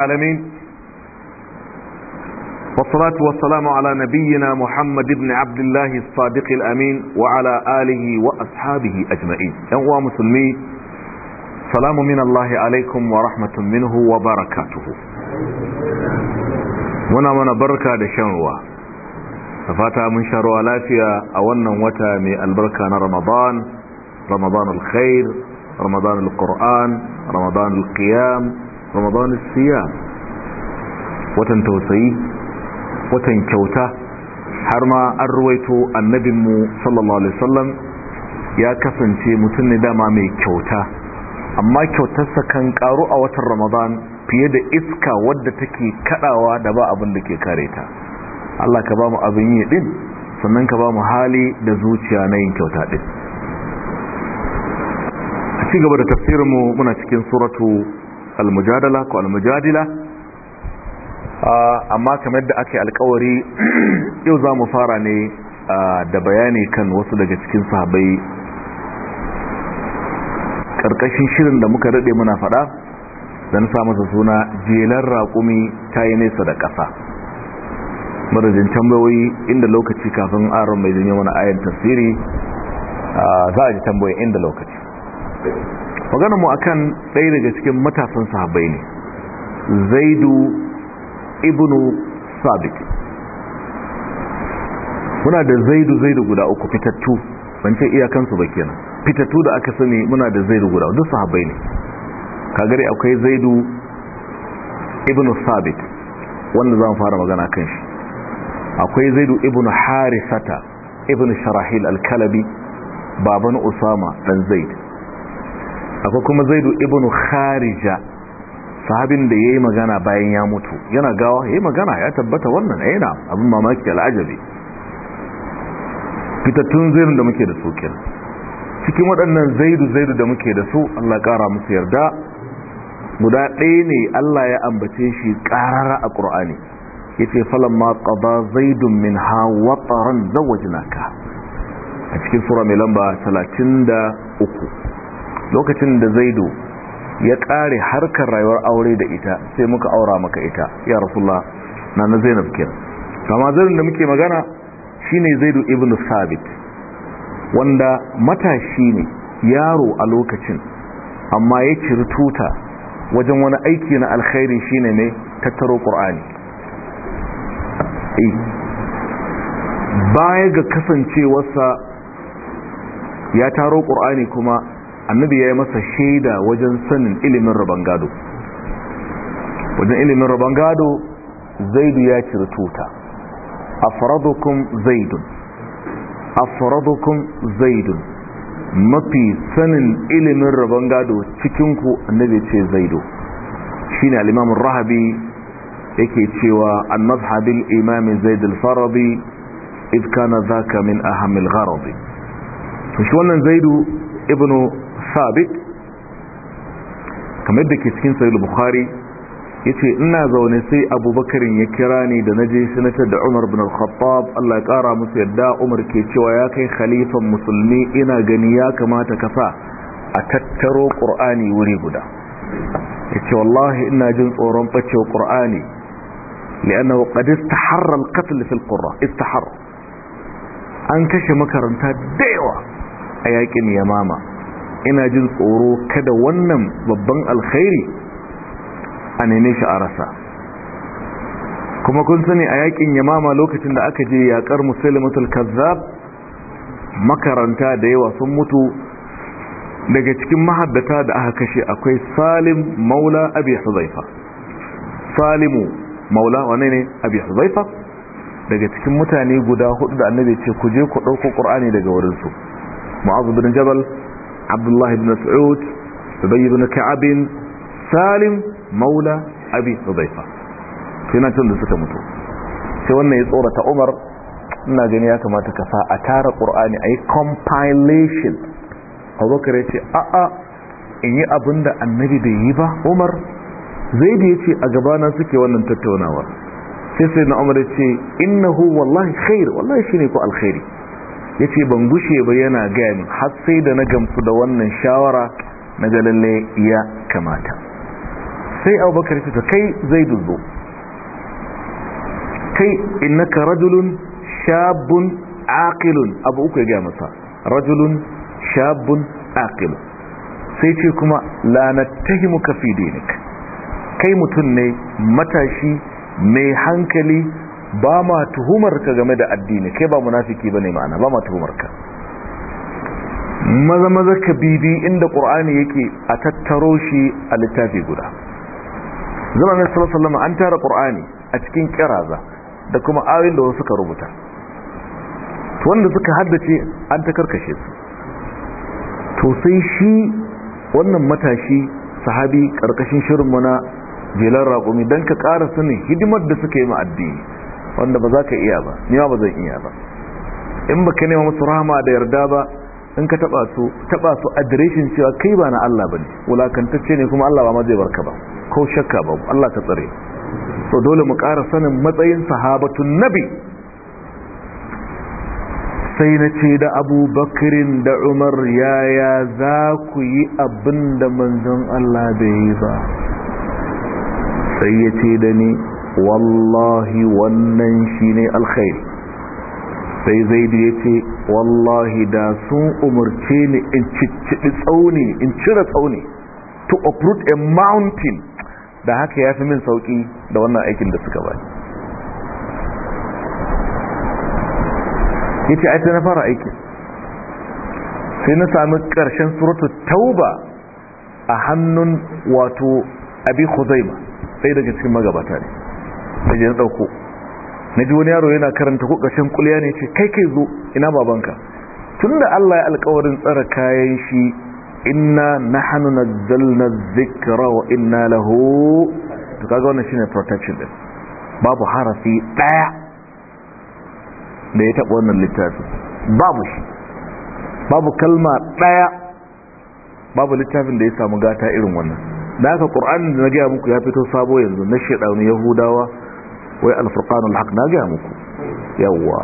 العالمين والصلاة والسلام على نبينا محمد بن عبد الله الصادق الأمين وعلى آله وأصحابه أجمعين أهوى مسلمي سلام من الله عليكم ورحمة منه وبركاته منا منا بركة لشنوة فاتا من شهر ولاتيا أولا وتا من البركة رمضان رمضان الخير رمضان القرآن رمضان القيام ramadan siya watan tausayi watan kyauta har ma an ruwaito annabinmu sallallahu alaihi wasallam ya kasance mutum ne dama mai kyauta amma kyautarsa kan karu a watan ramadan fiye da iska wadda take kadawa da ba abin da ke kare ta Allah ka ba mu abin yi din sannan ka ba mu hali da zuciya na yin kyauta din a ci gaba da tafsirinmu muna cikin suratu almujadala ko almujadila ah, amma kamar da ake yi alkawari yau za mu fara ne ah, da bayani kan wasu daga cikin sahabai karkashin shirin da muka rade muna fada don sa masa suna jelar raƙumi ta yi nesa da ƙasa marajin tambayoyi inda lokaci kafin aron mai zanyi wani ayan tasiri ah, za a ji tambayoyi inda lokaci magana mu akan ɗaya daga cikin matasan sahabbai ne zaidu ibnu sabit muna da zaidu zaidu guda uku fitattu ban ce iyakansu ba kenan fitattu da aka sani muna da zaidu guda duk sahabbai ne kagare akwai zaidu ibnu sabit wanda zan fara magana kan shi akwai zaidu ibnu harisata ibnu sharahil al-kalabi baban usama dan zaid akwai kuma zaidu ibn kharija sahabin da yayi magana bayan ya mutu yana gawa yayi magana ya tabbata wannan aina eh, abin mamaki al'ajabi fitattun zaidu da muke da su kin cikin waɗannan zaidu zaidu da muke da su Allah ƙara musu yarda guda ɗaya ne Allah ya ambace shi ƙarara a ƙur'ani yace ma qada zaidun minha wataran zawajnaka a cikin sura mai lamba 33 lokacin da zaido ya kare harkar rayuwar aure da ita sai muka aura maka ita ya rasulullah na na zainab kenan kama zainab da muke magana shine zaido ibnu sabit wanda matashi ne yaro a lokacin amma ya ciri tuta wajen wani aiki na alkhairi shine ne tattaro qur'ani eh. baya ga kasancewarsa ya taro qur'ani kuma annabi ya yi masa shaida wajen sanin ilimin rabon gado wajen ilimin rabon gado zaidu ya ciri tuta afradukum zaidun afradukum zaidun mafi sanin ilimin rabon gado cikinku annabi ce zaidu shine al-imam rahabi yake cewa an mazhabil imamin zaid al-farabi idh kana dhaka min ahamil al shi wannan zaidu ibnu sabit kamar da ke cikin sahih bukhari yace ina zaune sai abubakarin ya kira ni da naje sanatar da umar bin al-khattab Allah ya kara musu yadda umar ke cewa ya kai khalifan musulmi ina gani ya kamata ka sa a tattaro qur'ani wuri guda yace wallahi ina jin tsoron bacewa qur'ani li'annahu qad istaharra al-qatl ƙura al an kashe makaranta da yawa a yakin yamama ina jin tsoro kada wannan babban alkhairi a nene shi a rasa kuma kun sani a yakin yamama lokacin da aka je yakar musulmatul kazzab makaranta da yawa sun mutu daga cikin mahaddata da aka kashe akwai salim maula abi huzaifa salimu maula wane ne abi daga cikin mutane guda hudu da annabi ce ku je ku dauko qur'ani daga wurin su mu'adh jabal abdullahi ibn mas'ud ubay ibn ka'ab salim maula abi hudayfa suna tun da suka mutu sai wannan ya tsorata umar ina gani ya kamata ka sa a tara qur'ani ayi compilation abubakar ya ce a'a in yi abin da annabi bai yi ba umar zai da ya a gabana suke wannan tattaunawar sai sai na umar ya ce innahu wallahi khair wallahi shine ko alkhairi ya ce ban gushe ba yana gaya min har sai da na gamsu da wannan shawara na ga ya kamata sai abubakar ya ce kai zai duzo kai innaka rajulun shabun aqilun abu uku ya gaya masa rajulun shabun aqilun sai ce kuma muka fi dinik kai mutum ne matashi mai hankali ba ma tuhumarka game da addini kai ba munafiki bane ma'ana ba ma tuhumarka maza maza ka bibi inda qur'ani yake a tattaro shi a littafi guda zamanin sallallahu alaihi an tara qur'ani a cikin kiraza da kuma ayoyin da suka rubuta to wanda suka haddace an ta karkashe su to sai shi wannan matashi sahabi karkashin shirin muna, jelan raƙumi don ka ƙara sanin hidimar da suka yi ma addini wanda ba za ka iya ba ni ma ba zan iya ba in baka nema musu rahama da yarda ba in ka taba su taba su adireshin cewa kai ba na Allah bane wulakantacce ne kuma Allah ba ma zai barka ba ko shakka ba Allah ka tsare to dole mu ƙara sanin matsayin sahabatun nabi sai na ce da abubakirin da umar yaya za ku yi abin da manzon Allah bai yi ba sai ya ce da ni wallahi wannan shine alkhair sai zaidu ya ce wallahi da sun umarce ni in cicciɗi tsauni in cire tsauni to uproot a mountain da haka ya fi min sauƙi da wannan aikin da suka bani ya ce aita na fara aiki. sai na sami ƙarshen suratu tauba a hannun wato abi khuzaima sai daga cikin magabata ne sai ya na dauko na ji wani yaro yana karanta ko kokashin kulya ne ce kai kai zo ina babanka tunda Allah ya alƙawarin tsara kayan shi inna nahnu nazzalna dhikra wa inna lahu to kaga wannan shine protection din babu harafi daya da ya taba wannan littafin babu shi babu kalma ɗaya babu littafin da ya samu gata irin wannan da haka qur'ani da na ga muku ya fito sabo yanzu na shedanu yahudawa wai alfurqan alhaq na ga muku yawa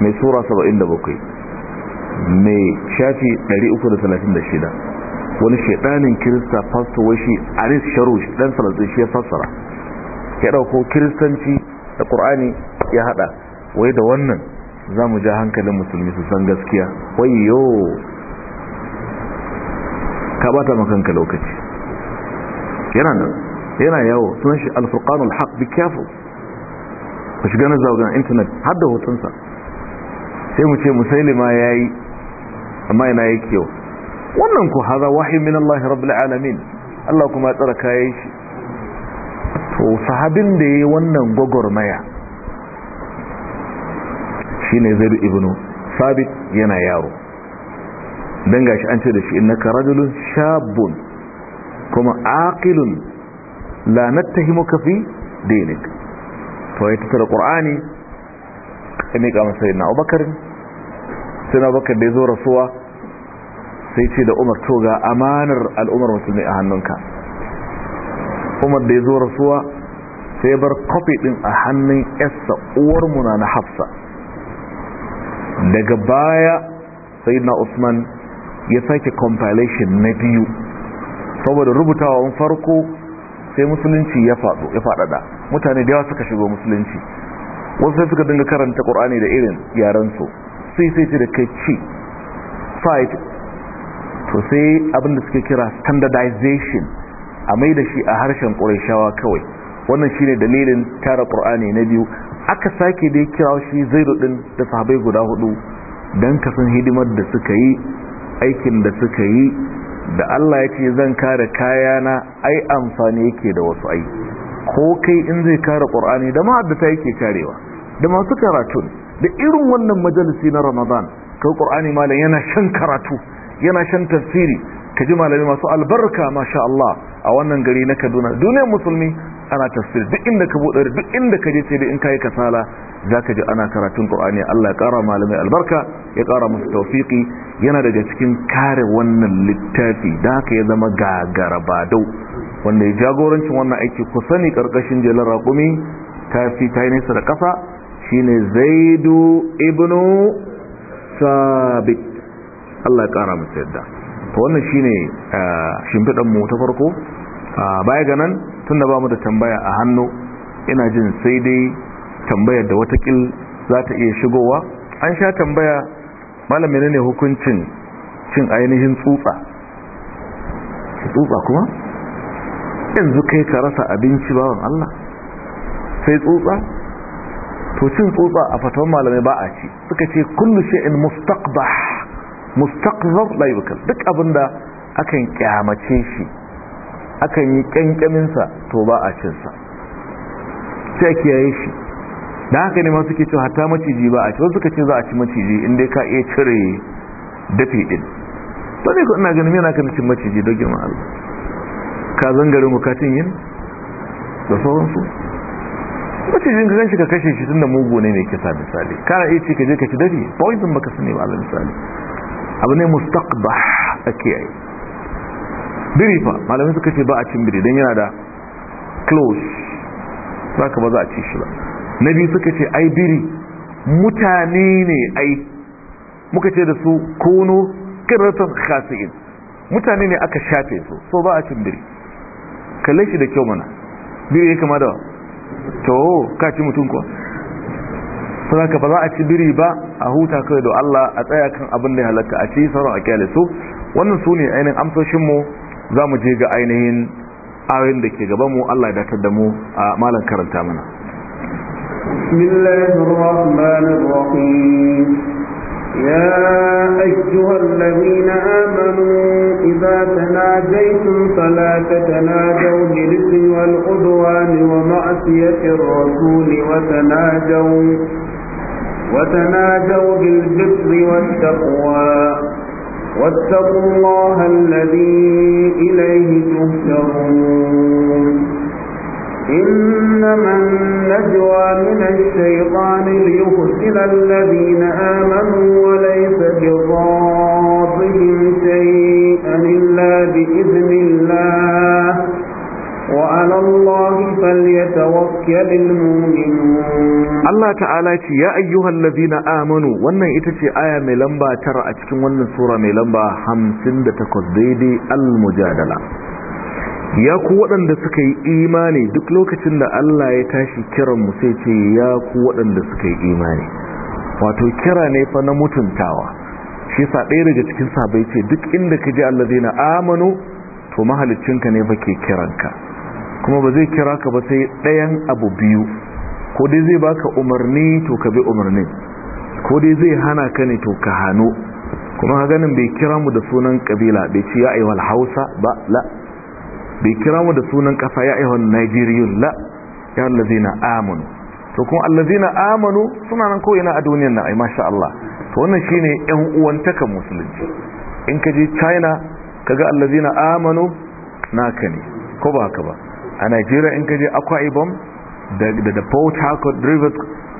mai sura 77 mai shafi 336 wani shedanin kirista pastor wai shi aris shi dan salatu shi ya fassara ya dauko kiristanci da qur'ani ya hada wai da wannan za mu ja hankalin musulmi su san gaskiya wayo ka bata makanka lokaci yana nan yana yawo sunan shi alfurqan alhaq be careful ku shiga na intanet har da hotunsa sai mu ce ma ya yi amma ina ya kyau wannan ku haza wahi min Allah rabu alamin Allah kuma tsara kayan shi to sahabin da ya yi wannan gwagwarmaya shine bi ibnu sabit yana yaro dan gashi an ce da shi ka rajulun shabun kuma aqilun la himo kafi dinik to ya tattara qur'ani ya mika masa sayyidina abubakar sai na abubakar da ya zo rasuwa sai ce da umar toga amanar al'umar musulmi a hannunka umar da ya zo rasuwa sai bar kofi ɗin a hannun yasa uwar muna na hafsa daga baya sayyidina usman ya sake compilation na biyu saboda rubutawa farko sai musulunci ya faɗo ya faɗaɗa mutane da yawa suka shigo musulunci wasu sai suka dinga karanta qur'ani da irin yaran su sai sai ce da kai ci fight to sai abin da suke kira standardization a mai da shi a harshen qurayshawa kawai wannan shine dalilin tara qur'ani na biyu aka sake da kira shi zaidu din da sahabbai guda hudu dan kasan hidimar da suka yi aikin da suka yi da Allah ya ce zan kare kayana ai amfani yake da wasu ai ko kai in zai kare ƙur'ani da ma'adata yake karewa da masu karatu da irin wannan majalisi na ramadan kai ƙur'ani malam yana shan karatu yana shan tafsiri ka ji malami masu albarka masha Allah a wannan gari na kaduna duniyar musulmi ana tafsir duk inda ka buɗe duk inda ka je sai dai in kai kasala zaka ji ana karatun Qur'ani Allah ya ƙara malamai albarka ya kara musu tawfiqi yana daga cikin kare wannan littafi da ka ya zama gagara wanda ya jagorancin wannan aiki ku sani karkashin jelar raƙumi ta fi ta yi nesa da ƙasa shine Zaidu ibnu Sabit Allah ya ƙara musu yadda to wannan shine eh, shimfidan mu ta farko ah, baya ga nan tunda ba mu da tambaya a hannu ina jin sai dai tambayar da watakil za ta iya shigowa an sha tambaya malamin ne hukuncin cin ainihin tsutsa tsutsa kuma yanzu kai ka rasa abinci bawan Allah sai tsutsa to cin tsutsa a fatan malamai ba a ci suka ce kullu shay'in mustaqbah mustaqbah la yukal duk abinda akan kyamace shi akan yi kankaminsa to ba a cinsa sai kiyaye shi da haka ne masu ke cewa hatta maciji ba a ci wasu suka ce za a ci maciji inda ka iya cire dafi din to ne ko ina ganin yana kan cin maciji da girman Allah ka zangarin bukatun yin da sauransu macijin ka ganshi ka kashe shi tunda mugu ne mai kisa misali kana iya ce ka je ka ci dafi poison baka sani ba Allah misali abu ne mustaqbah ake yi biri fa malamai suka ce ba a cin biri don yana da close za ka ba za a ci shi ba na biyu suka ce ai biri mutane ne ai muka ce da su kono kiratan khasi'in mutane ne aka shafe su so ba a cin biri kalle shi da kyau mana biri ya kama da to ka ci mutum kuwa ka ba za a ci biri ba a huta kai da Allah a tsaya kan abin da ya halatta a ci sauran a kyale su wannan su ne ainihin amsoshinmu za mu je ga ainihin ayoyin da ke gaban mu Allah ya datar da mu a malan karanta mana bismillahir ya amanu idza tanajaytum fala tatanajaw bil ismi wal udwani wa ma'siyati وتناجوا بالبر والتقوى واتقوا الله الذي إليه تهترون إنما النجوى من الشيطان ليخسل الذين آمنوا وليس بضاطهم شيئا إلا بإذن الله وعلى الله فليتوكل المؤمنون Allah ta'ala ce ya ayyuhal ladina amanu wannan ita ce aya mai lamba tara a cikin wannan sura mai lamba 58 daidai al-mujadala ya ku waɗanda suka yi imani duk lokacin da Allah ya tashi kiran mu sai ce ya ku waɗanda suka yi imani wato kira ne fa na mutuntawa shi sa ɗaya daga cikin sabai ce duk inda ka ji allazina amanu to mahaliccinka ne fa ke kiranka kuma ba zai kira ka ba sai ɗayan abu biyu ko dai zai baka umarni to ka bi umarni ko dai zai hana ka ne to ka hano kuma ganin bai kira mu da sunan kabila bai ce ya aiwal hausa ba la bai kira mu da sunan kasa ya aiwal nigeriyun la ya allazina amanu to kuma allazina amanu suna nan ko ina a duniyar nan ai masha Allah to wannan shine yan uwantaka musulunci in ka je China kaga allazina amanu naka ne ko ba haka ba a nigeria in kaje akwa ibom da port harcourt river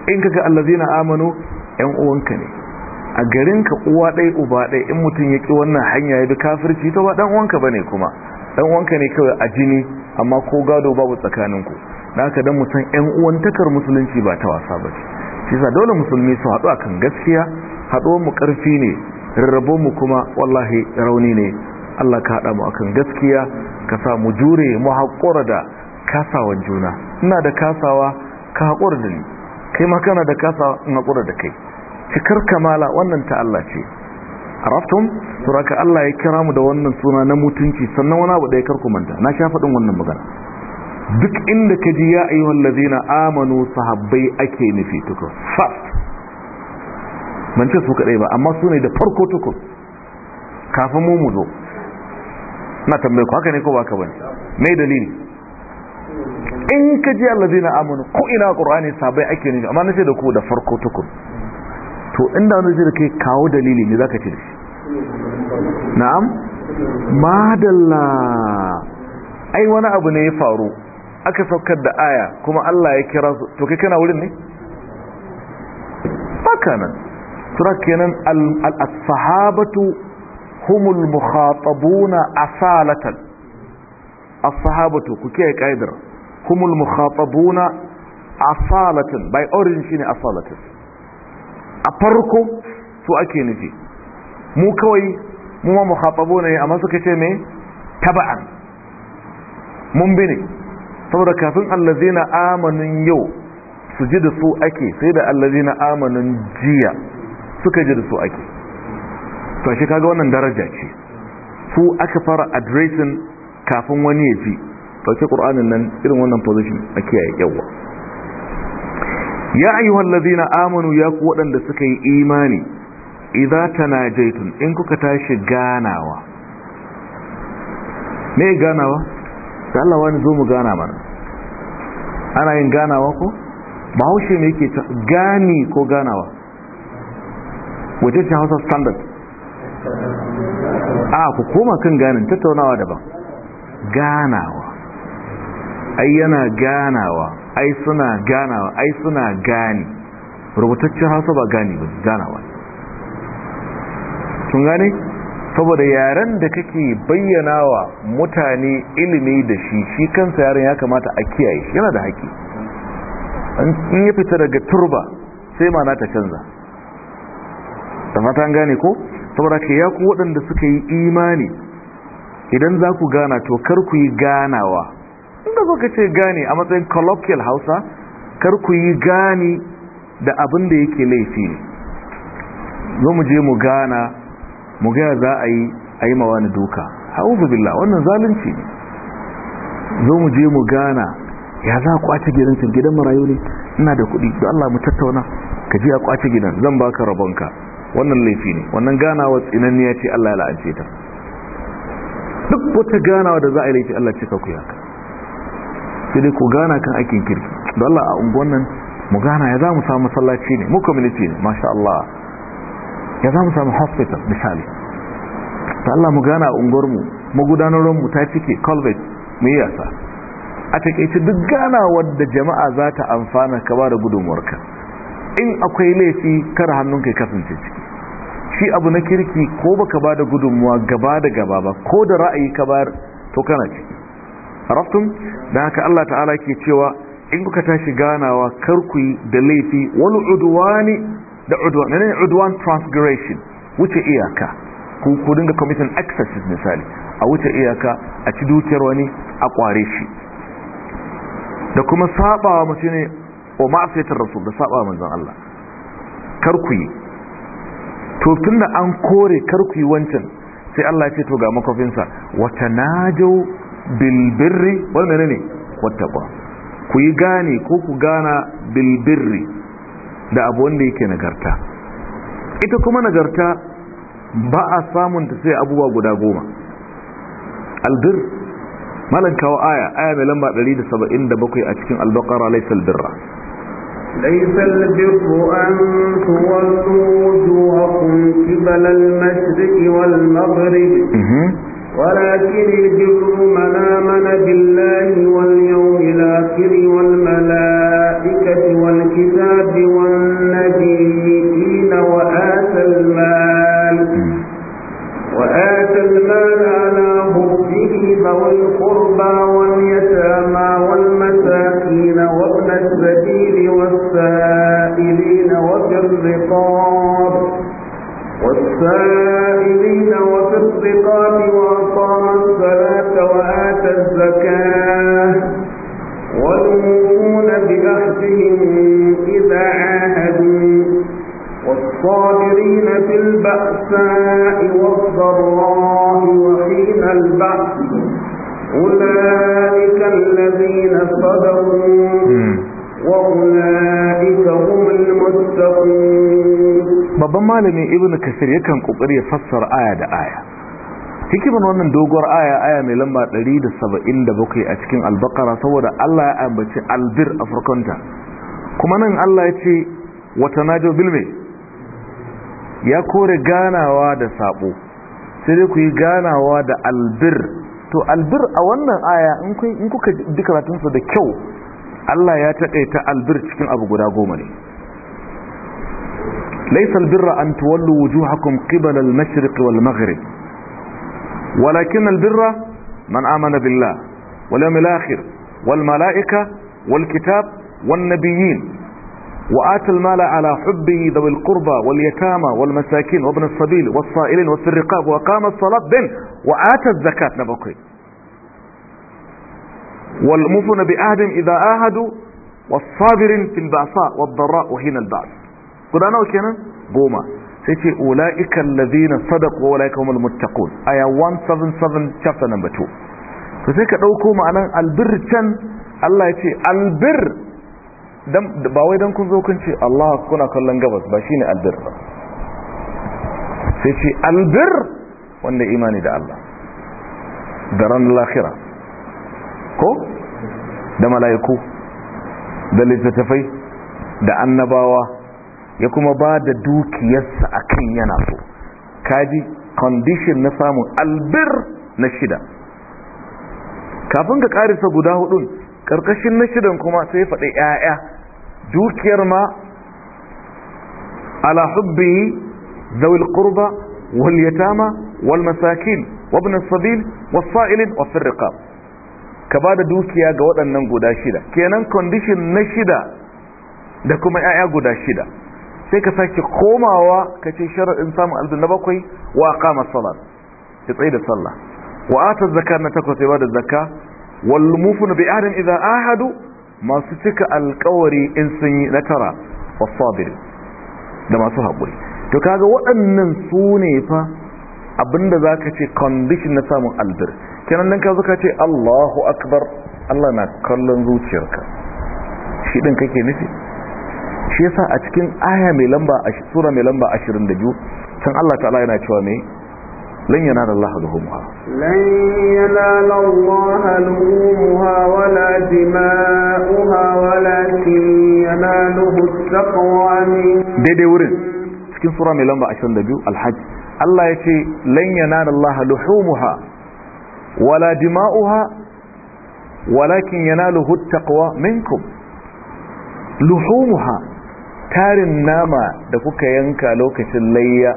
in kaga allazina amanu yan uwanka ne a garinka uwa ɗaya uba ɗaya in mutum ya ƙi wannan hanya ya bi kafirci ta ba ɗan uwanka ba ne kuma ɗan uwanka ne kawai a jini amma ko gado babu tsakaninku na haka dan mutum yan uwantakar musulunci ba ta wasa ba shi sa dole musulmi su haɗu akan gaskiya haɗuwar mu ƙarfi ne rarrabon mu kuma wallahi rauni ne Allah ka haɗa mu akan gaskiya ka sa mu jure mu haƙura da kasawan juna ina da kasawa ka haƙura da ni kai ma kana da kasawa in haƙura da kai cikar kamala wannan ta Allah ce araftum suraka Allah ya kira mu da wannan suna na mutunci sannan wani abu da ya karku manta na sha faɗin wannan magana duk inda ka ji ya ayyuhal allazina amanu sahabbai ake nufi tukun fast man ce su kadai ba amma su ne da farko tuku kafin mu mu zo na tambaye ku haka ne ko baka bane me dalili in ka ji allazina amanu ko ina qur'ani sabai ake nufi amma nace da ku da farko tukun to inda wani zai kai kawo dalili ne zaka ce shi na'am madalla ai wani abu ne ya faru aka saukar da aya kuma Allah ya kira su to kai kana wurin ne baka nan sura kenan al-sahabatu humul mukhatabuna asalatan as-sahabatu ku kiyaye kaidar humul mukhatabuna asalatan by origin shine asalatan a farko su ake nufi mu kawai mu ma mukhatabuna ne amma suka ce me taba'an mun bi ne saboda kafin allazina amanin yau su ji da su ake sai da allazina amanin jiya suka ji da su ake to shi kaga wannan daraja ce su aka fara addressing kafin wani ya fi ɗauki ƙur'anin nan irin wannan position a kiyaye yawa ya ayyuhal ladina amanu ya ku waɗanda suka yi imani idza tanajaitun in kuka tashi ganawa me ganawa da Allah wani zo mu gana mana ana yin ganawa ko bahaushe ne yake gani ko ganawa wajen hausa standard a ku koma kan ganin tattaunawa daban ganawa ai yana ganawa ai suna ganawa ai suna gani rubutaccen hausa ba gani ba ganawa tun gane saboda yaren da kake bayyana wa mutane ilimi da shi shi kansa yaren ya kamata a kiyaye yana da haƙi in ya fita daga turba sai ma na ta canza da fatan gane ko saboda ka ya ku waɗanda suka yi imani idan za ku gana to kar ku yi ganawa inda zo ka ce gane a matsayin colloquial hausa kar ku yi gani da abin da yake laifi ne zo mu je mu gana mu gaya za a yi a yi mawa ni duka hauzu billah wannan zalunci ne zo mu je mu gana ya za a kwace gidan cin gidan marayu ne ina da kuɗi don allah mu tattauna ka je a kwace gidan zan baka rabonka wannan laifi ne wannan ganawa tsinanniya ce Allah ya la'ance ta duk wata ganawa da za a yi laifi Allah cika ku yaka sai dai ku gana kan aikin kirki da Allah a unguwan nan mu gana ya za mu samu masallaci ne mu community ne masha Allah ya za mu samu hospital misali ta Allah mu gana a unguwar mu gudanar mu ta cike colvet mu yi yasa a takaice duk ganawar da jama'a za ta amfana ka ba da gudunmuwarka in akwai laifi kar hannun kai kasance ciki shi abu na kirki ko baka bada gudunmuwa gaba da gaba ba ko da ra'ayi ka bayar to kana ci araftum da haka Allah ta'ala ke cewa in kuka tashi ganawa kar ku yi da laifi wani udwani da udwan ne transgression wuce iyaka ku ku dinga committing excesses misali a wuce iyaka a ci dukiyar wani a kware shi da kuma saba wa mutune wa ma'asiyatar rasul da wa manzon Allah kar ku to da an kore kar ku yi wancan sai Allah ce to ga makofinsa wata bilbirri bil ne ne, wata ba ku yi gane ko ku gana bilbirri da abu wanda yake nagarta ita kuma nagarta ba a samun ta sai abubuwa guda goma albir malan aya aya mai lamba 177 a cikin albakar laysa birra ليس البر أن تولوا وجوهكم قبل المشرق والمغرب ولكن البر من آمن بالله واليوم الآخر والملائكة والكتاب والنبيين وآتى المال وآتى المال على حبه ذوي القربى واليتامى والمسلمين الرقاب والسائلين وفي الرقاب وأقام الصلاة وآتى الزكاة والموفون بأحدهم إذا عاهدوا والصابرين في البأساء والضراء وحين البأس أولئك الذين صدقوا babban malamin ibn kasir yakan kokari ya fassara aya da aya hikimar wannan doguwar aya aya mai lamba 177 a cikin albakara saboda Allah ya ambaci albir a farkonta kuma nan Allah ya ce wata najo bilme ya kore ganawa da sabo sai dai ku yi ganawa da albir to albir a wannan aya in kuka ji karatunsa da kyau Allah ya taƙaita albir cikin abu guda goma ne laisal birra an tuwallu wujuhakum qibala al-mashriq wal maghrib walakin albirra man amana billah wal yawmil akhir wal malaika wal kitab wan nabiyyin wa ata al-mala ala hubbi qurba wal wal yatama وآت المال على حبه ذوي القربى واليتامى والمساكين وابن wa qama as-salat bin wa ata az الزكاة nabaqi. والمفن بعهدهم إذا آهدوا والصابرين في البعثاء والضراء وهنا البعث قدانا وكينا بوما سيتي أولئك الذين صدقوا وأولئك هم المتقون آية 177 chapter number 2 فسيكا دوكو معنا البر كان الله يتي البر ba wai don kun zo kun ce Allah kuna kallon gabas ba shine albir ba sai ce albir wanda imani da Allah da ran lahira ko da mala'iku da littattafai da annabawa ya kuma ba da dukiyarsa a kan yana so kaji condition na samun albir na shida kafin ka karisa guda hudun karkashin na shidan kuma sai faɗi 'ya'ya dukiyar ma ala hubbi zawil qurba wal yatama wal masakin wa ibn sabil was-sa'il wa fi ka ba da dukiya ga waɗannan guda shida kenan condition na shida da kuma 'ya'ya guda shida sai ka sake komawa ka ce sharaɗin samun na bakwai wa kama salat ya tsaye da sallah wa ata zakka na takwas ba da zakka wal mufuna bi adam idza ahadu masu cika alƙawari in sun yi na tara wasabir da masu haƙuri to kaga waɗannan su ne fa abinda zaka ce condition na samun albir kenan nan ka zuka ce Allahu akbar Allah na kallon zuciyarka shi din kake nufi shi yasa a cikin aya mai lamba sura mai lamba 22 can Allah ta'ala yana cewa me lan yanala Allah luhumha lan yanala Allah luhumha wala dima'uha walakin yanaluhu taqwa min daidai wurin cikin sura mai lamba 22 Alhaji Allah ya ce lan yanala Allah luhumha wala dima'uha walakin yanaluhu taqwa minkum luhumuha tarin nama da kuka yanka lokacin layya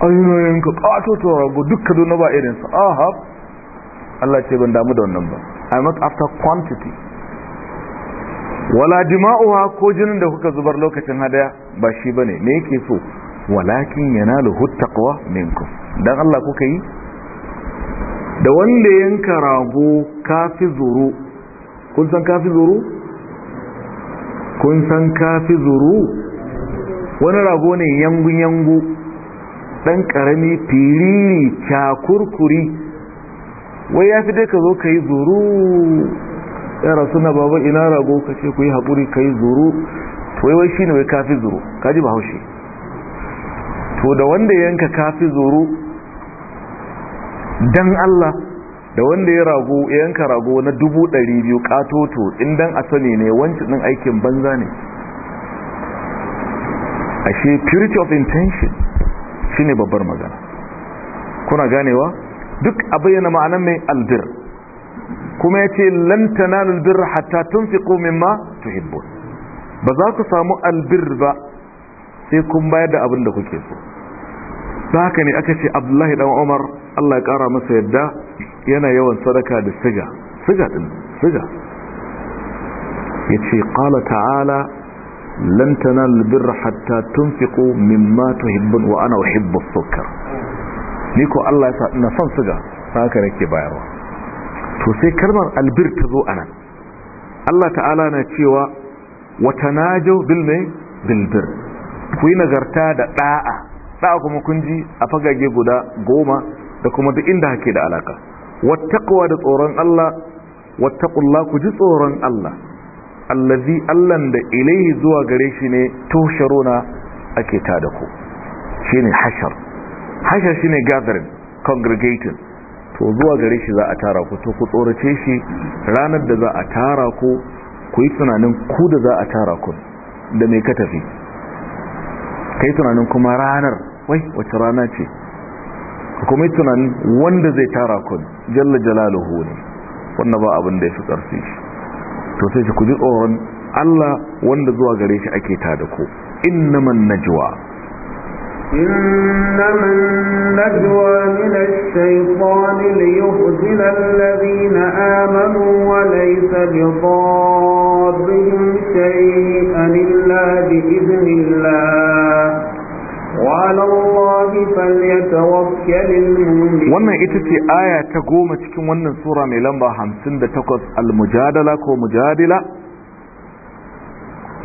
ayyuna yanka katoto rago dukkan duna ba irinsa ahab Allah ce ban damu da wannan ba I'm not after quantity wala dima'uha ko jinin da kuka zubar lokacin hadaya ba shi bane me yake so walakin yanaluhu taqwa minkum dan Allah kuka yi da wanda yanka rago kafi zuru kun san kafi zuru kun san kafi zuru wani rago ne yangu-yangu dan karami firiri cakurkuri wai ya fi dai ka zo ka yi zuru yara suna baba ina rago ka ce ku yi haƙuri ka yi zuru wai wai shi ne wai kafi zuru kaji ba haushe to da wanda yanka kafi zuru dan Allah da wanda ya rago yanka rago na dubu ɗari biyu katoto, in dan a sani ne wancan ɗin aikin banza ne ashe purity of intention shine babbar magana kuna ganewa duk a bayyana ma'anan mai albir kuma ya ce lantana albir hatta tun fi komin ma hibbo ba za ku samu albir ba sai kun bayar da abin da kuke so ta haka ne aka ce abdullahi dan umar allah ya kara masa yadda yana yawan sadaka da siga siga din siga ya ce ƙala ta'ala lantana tun hatta min mata hibbin wa ana hibba sukkar ni ko allah ya sa ina son siga haka nake bayarwa to sai kalmar albir ta zo a nan. allah ta'ala na cewa wata najo bil ne bilbir ku yi nagarta da ɗa'a da'a kuma kun ji a fagage guda goma da kuma duk inda hake da alaka wattaqwa da tsoron Allah wattaqullahu ku ji tsoron Allah allazi allan da ilaihi zuwa gare shi ne tosharona ake ta da ku shine hashar hashar shine gathering congregating to zuwa gare shi za a tara ku to ku tsorace shi ranar da za a tara ku ku yi tunanin ku da za a tara ku da me ka tafi kai tunanin kuma ranar akwai wace rana ce kuma tunanin wanda zai tara ku jalla jalaluhu ne wannan ba abin da ya fi ƙarfi shi to sai shi ku ji tsoron Allah wanda zuwa gare shi ake ta da ku innaman najwa innaman najwa min ash-shaytan liyuhzil alladhina amanu wa laysa bidarrihim shay'an illa bi idhnillah wannan ita ce aya ta goma cikin wannan sura mai lamba hamsin da takwas al-mujadala ko mujadila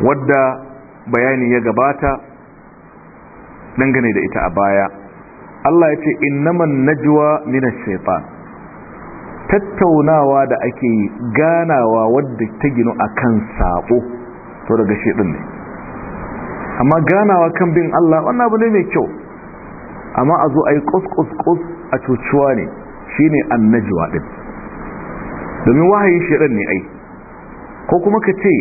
wadda bayani ya gabata dangane da ita a baya Allah ya ce innaman najwa minas shaitan tattaunawa da ake ganawa wadda ta ginu akan sabo to daga shaitan ne amma ganawa kan bin Allah wannan abu ne mai kyau amma a zo a yi kus a cucuwa ne shi ne annajiwa domin wahayin shirin ne ai ko kuma ka ce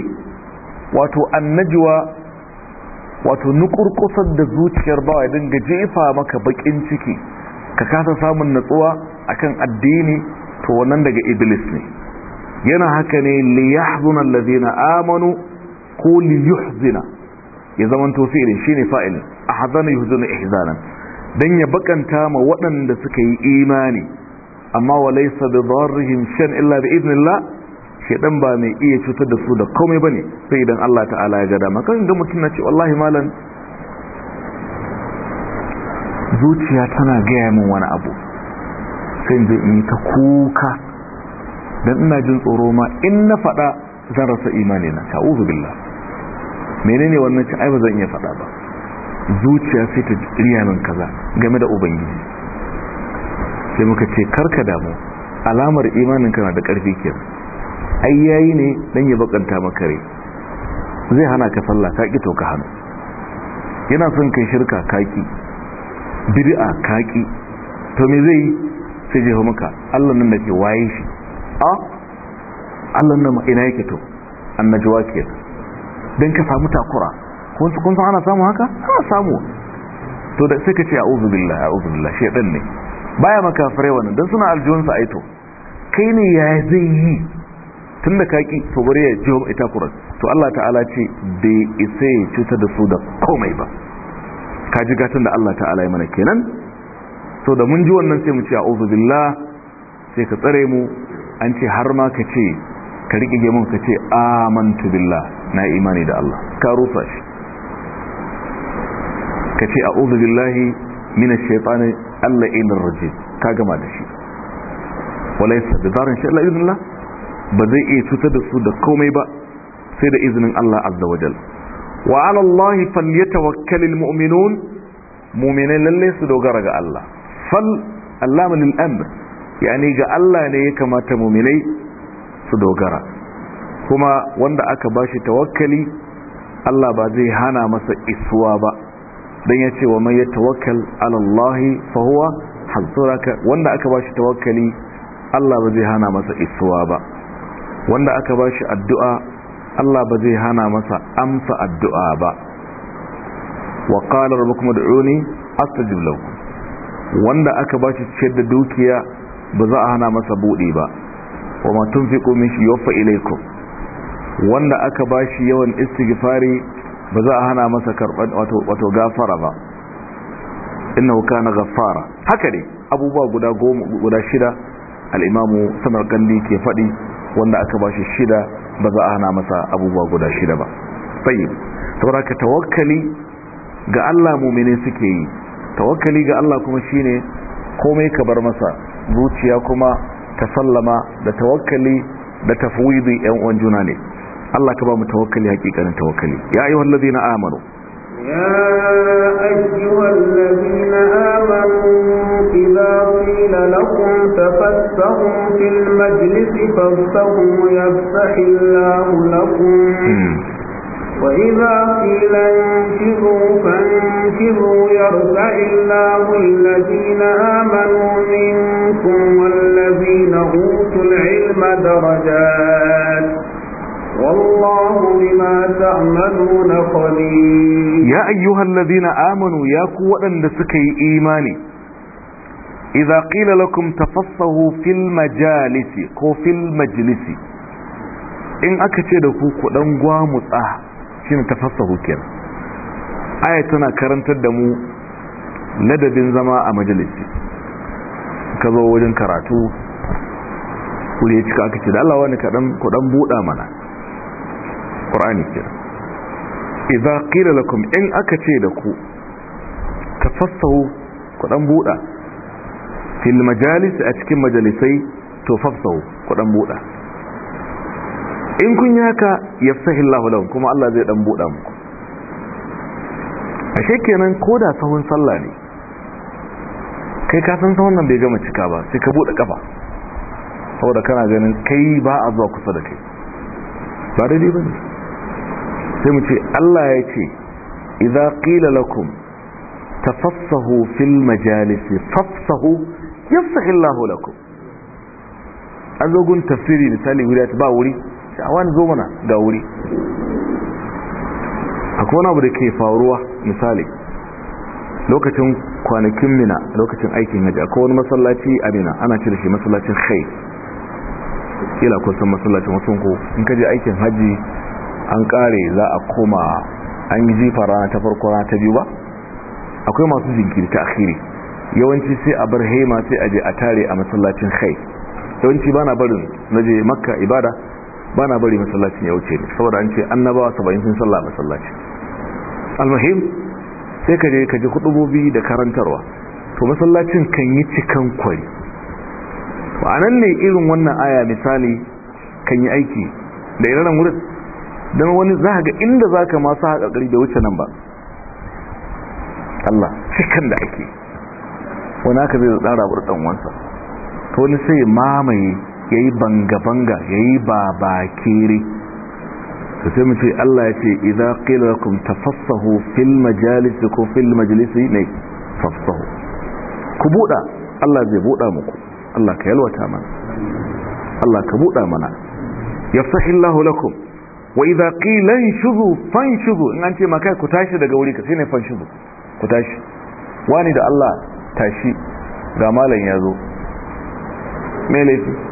wato annajiwa wato nukurkusar da zuciyar bawa ya dinga jefa maka bakin ciki ka kasa samun natsuwa akan addini to wannan daga iblis ne yana haka ne liyahzuna allazina amanu ko liyuhzina ya zaman to shine fa'il ahzana yuhzinu ihzana dan ya bakanta ma waɗanda suka yi imani amma wa laysa bi darrihim shan illa bi idnillah shedan ba mai iya cutar da su da komai bane sai idan Allah ta'ala ya ga dama kan ga mutun na ce wallahi malam zuciya tana gaya min wani abu sai je in yi ta kuka dan ina jin tsoro ma in na faɗa zan rasa imani na ta'udhu billah menene wannan ci ai ba zan iya faɗa ba zuciya sai ta riya min kaza game da ubangiji sai muka ce karka damu alamar imanin kana da ƙarfi kenan ai yayi ne dan ya bakanta maka rai zai hana ka sallah ka ki ka hana yana son kai shirka kaki bid'a kaki to me zai sai je maka Allah nan da ke waye shi a ah, Allah nan ina yake to annajwa kenan don ka samu takura wasu kun san ana samu haka ana samu to da sai ka ce a'udhu billahi a'udhu billahi shedan ne baya maka fare wannan dan suna aljihun sa aito kai ne ya zai yi tunda ka ki to bari ya jiwa ita kuran to Allah ta'ala ce bai isa ya cutar da su da komai ba ka ji gatan da Allah ta'ala ya mana kenan to da mun ji wannan sai mu ce a'udhu billahi sai ka tsare mu an ce har ma ka ce ka rike gemun ka ce amantu billah na imani da Allah ka rufa shi ka ce a'udhu billahi minash shaitani allahin rajim ka gama da shi walaysa bi darin shi Allah idnillah ba zai iya cutar da su da komai ba sai da izinin Allah azza wajal wa ala Allah falyatawakkalul mu'minun mu'minan lalle su dogara ga Allah fal allama lil amr yani ga Allah ne ya kamata mu'minai su dogara kuma wanda aka bashi tawakkali Allah ba zai hana masa isuwa ba don ya ce wa mai ya tawakkal alallahi fahuwa hansuraka wanda aka bashi tawakkali Allah ba zai hana masa isuwa ba wanda aka bashi addu'a Allah ba zai hana masa amsa addu'a ba wa qala rabbukum ud'uni astajib lakum wanda aka bashi ciyar da dukiya ba za a hana masa buɗe ba wa ma tunfiqu min shi yuwaffa ilaykum wanda aka bashi yawan istighfari ba za a hana masa karban wato wato gafara ba innahu kana ghaffara haka ne abubuwa guda goma guda shida al-imamu samarkandi ke fadi wanda aka bashi shida ba za a hana masa abubuwa guda shida ba tayyib saboda ka tawakkali ga Allah mu'mini suke yi tawakkali ga Allah kuma shine komai ka bar masa zuciya kuma ta sallama da tawakkali da tafwidi yan uwan juna ne Allah ka ba mu tawakkali hakikanin tawakkali ya ayyuhal ladina amanu ya ayyuhal ladina amanu idza qila lakum tafassahu fil majlisi fafsahu yafsahillahu lakum hmm. وإذا قيل انفروا فانفروا يرفع الله الذين آمنوا منكم والذين أوتوا العلم درجات والله بما تعملون خبير يا أيها الذين آمنوا يا قوة لسكي إيماني إذا قيل لكم تفصهوا في المجالس كو في المجلس إن أكتدكوا قدام قوام آه، shine tafassahu kenan aya tana karantar da mu ladabin zama a majalisi ka zo wajen karatu kuri ya cika aka ce da Allah wani kaɗan kuɗan buɗa mana ƙur'ani kenan idza da lakum in aka ce da ku ka kuɗan buɗa fil majalis a cikin majalisai to fafsahu kuɗan buɗa in kun yi haka ya kuma Allah zai ɗan buɗa muku ashe kenan da sahun sallah ne kai kasan sahun nan bai gama cika ba sai ka buɗe kafa saboda kana ganin kai ba a zuwa kusa da kai ba daidai ne. sai mu ce Allah ya ce iza ƙila lakum fassahu fil majalisi fafsahu ya Allahu lakum an zogun tafsiri misali wuri ba wuri a wani zo mana ga wuri akwai wani abu da ke faruwa misali lokacin kwanakin mina lokacin aikin hajji akwai wani masallaci a mina ana ce da shi masallacin kai. kila kusan masallacin wasu ko in kaji aikin hajji an kare za a koma an yi jifa rana ta farko rana ta biyu ba akwai masu jinkiri ta akhiri yawanci sai a bar haima sai a je a tare a masallacin kai yawanci bana barin na je makka ibada ba na bari masallacin ya wuce ne saboda an ce annabawa saba'in sun salla masallaci almuhim sai ka je ka ji kudubobi da karantarwa to masallacin kan yi cikan kwari nan ne irin wannan aya misali kan yi aiki da irin wurin don wani za ga inda za ka masu haƙaƙari da wuce nan ba Allah cikin da ake wani aka zai tsara wa ɗan wansa to wani sai mamaye ya yi banga-banga ya yi babakere to sai mu ce Allah ya ce idan qila lakum tafassahu fil majalis ko fil majlisi ne tafassahu ku buɗa. Allah zai buɗa muku Allah ka yalwata mana Allah ka buɗa mana Ya yafsahillahu lakum wa idza qila fan fanshuzu in an ce maka ku tashi daga wuri ka sai ne fan fanshuzu ku tashi wani da Allah tashi ga malam ya zo me laifi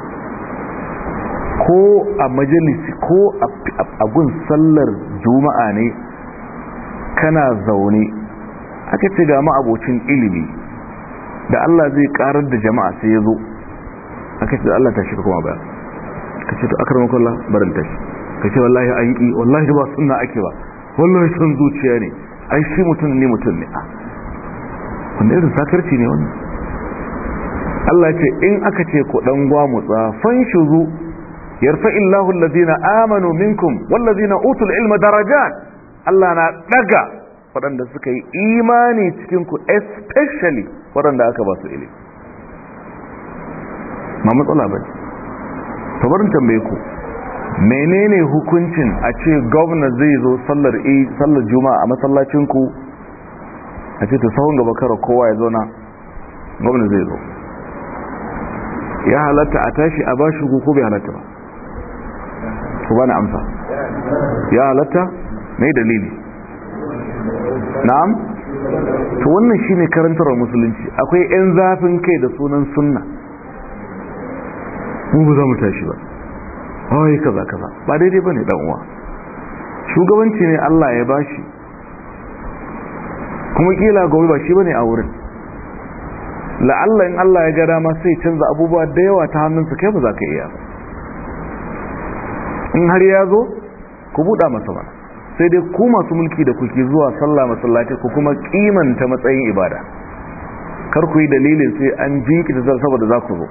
ko a majalisi ko a gun sallar juma'a ne kana zaune aka ce ga ma'abocin ilimi da Allah zai karar da jama'a sai ya zo aka ce da Allah ta shi kuma ba ka ce to akarar makwalla barin tashi ka ce wallahi an yi wallahi ba suna ake ba wallahi sun zuciya ne a shi mutum ne mutum ne a wanda irin sakarci ne wannan Allah ce in aka ce ku ɗan gwamutsa fanshi zu. yarfa illahu alladhina amanu minkum walladhina utul ilma darajat Allah na daga waɗanda suka yi imani cikin ku especially waɗanda aka ba su ilimi ma matsala ba to barin tambaye ku menene hukuncin a ce gwamna zai zo sallar sallar juma'a a masallacin ku a ce ta, sahun gaba kara kowa ya zauna gwamna zai zo ya halatta a tashi a bashi ko bai halatta ba ku bani amsa ya halatta mai dalili na'am to wannan shine karantar musulunci akwai yan zafin kai da sunan sunna mun ba za mu tashi ba ai kaza kaza ba daidai bane dan uwa shugabanci ne Allah ya bashi kuma kila gobe ba shi bane a wurin la'alla in Allah ya ga dama sai canza abubuwa da yawa ta hannunsa kai ba za ka iya ba in har ya zo ku buɗa masa ba sai dai ku masu mulki da kuke zuwa sallah masallaci ku kuma kimanta matsayin ibada kar ku yi dalilin sai an jinkita zar saboda za ku zo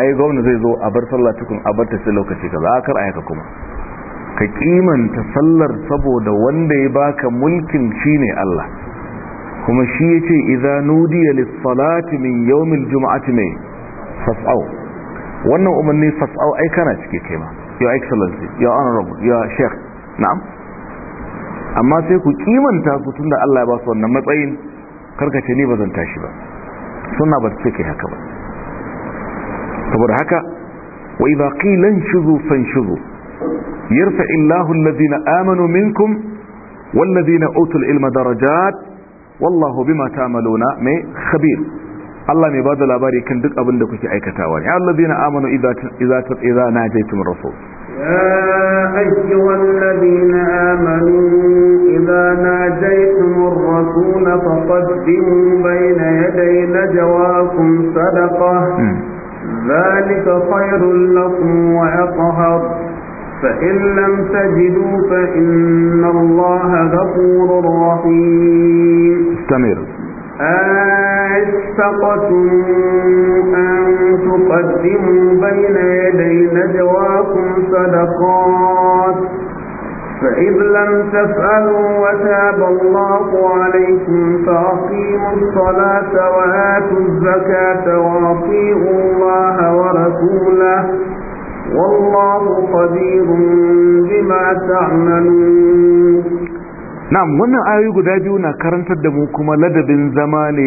ai gwamna zai zo a bar sallah tukun a bar ta sai lokaci kaza a kar yaka kuma ka kimanta sallar saboda wanda ya baka mulkin shine Allah kuma shi yace idza nudiya lis-salati min yawmil jum'ati mai fas'au wannan umarni fas'au ai kana cike kai ma your excellency your honorable your sheikh na'am amma sai ku kimanta su tunda Allah ya ba su wannan matsayin karkace ni bazan tashi ba sunna ba ce kai haka ba saboda haka wa idza qila inshuzu fanshuzu yarfa illahu alladhina amanu minkum والذين ilma العلم wallahu والله بما me khabir. Allah mai bada labari kan duk abin da kuke aikatawa ya allazina amanu idza idza idza najaytum rasul ya ayyuhal ladina amanu idza najaytum rasul faqaddimu bayna yaday najwakum sadaqah ذلك خير لكم وأطهر فإن لم تجدوا فإن الله غفور رحيم استمر آه أشفقتم أن تقدموا بين يدي نجواكم صدقات فإذ لم تفعلوا وتاب الله عليكم فأقيموا الصلاة وآتوا الزكاة وأطيعوا الله ورسوله والله قدير بما تعملون na'am wannan ayoyi guda biyu na karantar da mu kuma ladabin zama ne